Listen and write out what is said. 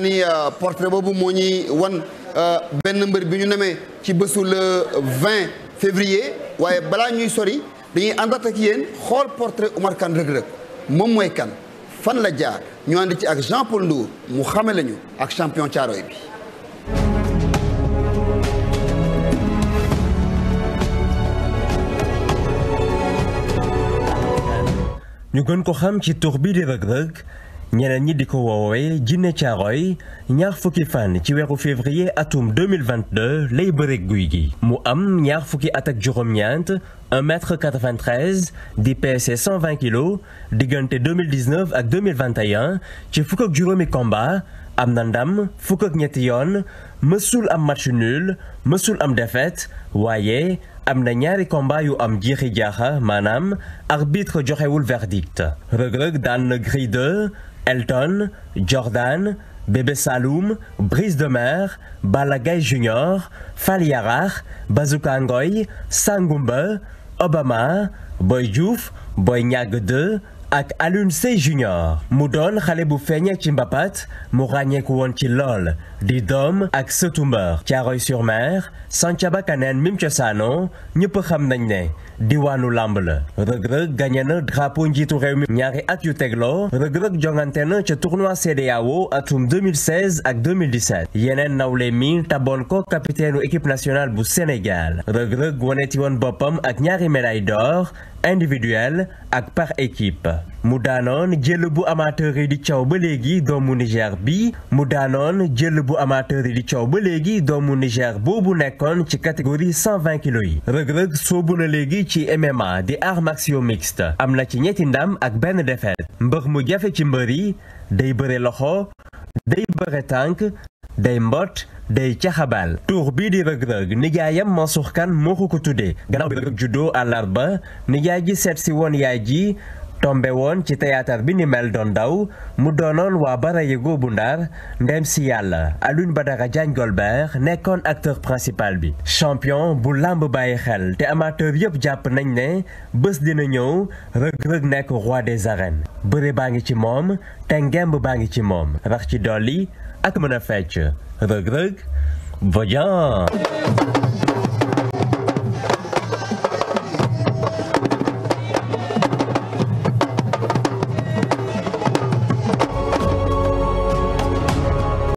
ni euh, portrait boobu moo ñuy wan euh, benn mbër bi ñu nemee ci bésu le 20 février waaye balaa ñuy sori dañuy àndaat ak yéen xool portrait Oumar Kane Reug Reug moom mooy kan fan la jaar ñu ànd ci ak Jean Paul Ndour mu xame lañu ak champion Caaroy bi ñu gën ko xam ci tur bi ñeneen ñi di ko woowee Jinne Caaroy ñaar fukki fan ci weeru février atum 2022 lay bëreeg guy gi mu am ñaar fukki at ak juróom-ñeent 1 mètre 93 di peese 120 kilos diggante 2019 ak 2021 ci fukk juróomi combat am na ndam fukk ñetti yoon mësul am match nul mësul am défaite waaye am na ñaari combat yu am jiixi jaaxa maanaam arbitre joxewul verdict rëg-rëg daan na Gris 2 Elton, Jordan, Bébé Saloum, Brise de Mer, Balagay Junior, Faliarach, Bazooka Ngoy, Obama, Boy Diouf, Boy ak Alioune Sèye Junior mu doon xale bu feeñee ci mbapat mu ràññeeku woon ci lool di doom ak sëtu mbër Thiaroye-sur-Mer Santhiaba Kaneen mim cosaano ñëpp xam nañ ne diwaanu làmb la rëg-rëg gañe na drapeau njiitu réew mi ñaari at yu tegloo rëg-rëg jongante na ca tournoi CEDEAO atum 2016 ak 2017 yeneen nawle mi taboon ko kapiteenu équipe nationale bu Sénégal rëg-rëg woneti woon boppam ak ñaari médaille d'or individuelle ak par équipe mu daanoon jël bu amateur di caw ba léegi doomu Niger bi mu daanoon jël bu amateur yi di coow ba léegi doomu Niger boobu nekkoon ci catégorie 120 kilos yi rëg-rëg soobu na léegi ci MMA di arts martiaux mixte am na ci ñetti ndam ak benn défaite mbër mu jafe ci mbër yi day bëre loxo day bëre tànk day mbot day caxabal tuur bii di rëg-rëg nijaayam Mansour Kane moo ko ko tuddee gannaaw bi rëg-rëg juddoo àllarba nijaay ji seet si woon yaay ji tombe woon ci théâtre bi ni mel doon daw mu doonoon waa Baraye bu Ndar ndem si yàlla ba Badara Diagne Golbert nekkoon acteur principal bi champion bu làmb bàyyi xel te amateur yëpp jàpp nañ ne bës dina ñëw rëg-rëg nekk roi des arènes bëre baa ngi ci moom te ngemb baa ngi ci moom rax ci dolli ak mën a fecc rëg-rëg vaillant